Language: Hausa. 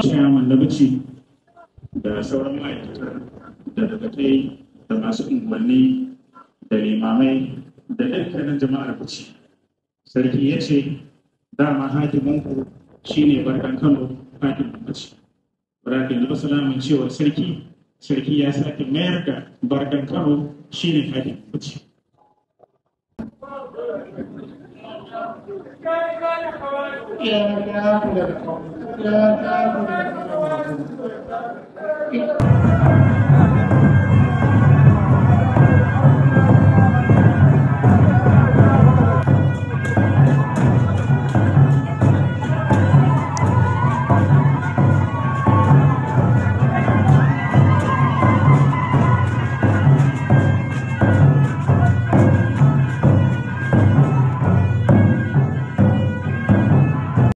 Chairman Labuci da sauran ma'aikata da dagatai da masu unguwanni da limamai da dukkanin jama'ar Bauchi. Sarki ya ce dama hakimanku ne barkan Kano hakimin Bauchi. Baraka yanzu salamin cewa sarki sarki ya sake mayar da barkan Kano shine hakimin Bauchi. Yeah, yeah, yeah. Yeah, yeah, yeah.